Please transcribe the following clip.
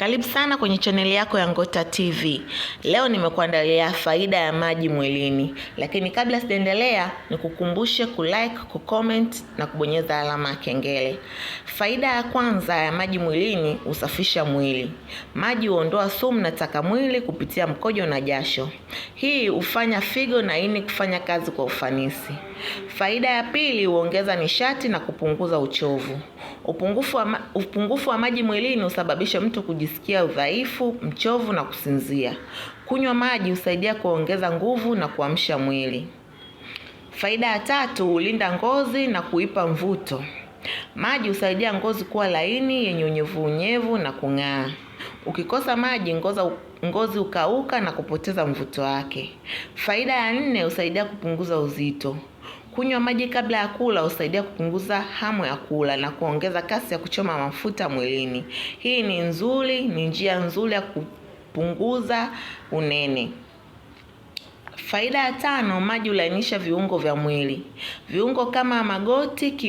Karibu sana kwenye chaneli yako ya Ngota TV. Leo nimekuandalia faida ya maji mwilini, lakini kabla sijaendelea, nikukumbushe kulike, kucomment na kubonyeza alama ya kengele. Faida ya kwanza ya maji mwilini, husafisha mwili. Maji huondoa sumu na taka mwili kupitia mkojo na jasho. Hii hufanya figo na ini kufanya kazi kwa ufanisi. Faida ya pili, huongeza nishati na kupunguza uchovu. Upungufu wa, upungufu wa maji mwilini husababisha mtu kuji kujisikia udhaifu, mchovu na kusinzia. Kunywa maji husaidia kuongeza nguvu na kuamsha mwili. Faida ya tatu, hulinda ngozi na kuipa mvuto. Maji husaidia ngozi kuwa laini yenye unyevu unyevu na kung'aa. Ukikosa maji ngoza, ngozi ukauka na kupoteza mvuto wake. Faida ya nne, husaidia kupunguza uzito. Kunywa maji kabla ya kula husaidia kupunguza hamu ya kula na kuongeza kasi ya kuchoma mafuta mwilini. Hii ni nzuri, ni njia nzuri ya kupunguza unene. Faida ya tano, maji hulainisha viungo vya mwili. Viungo kama magoti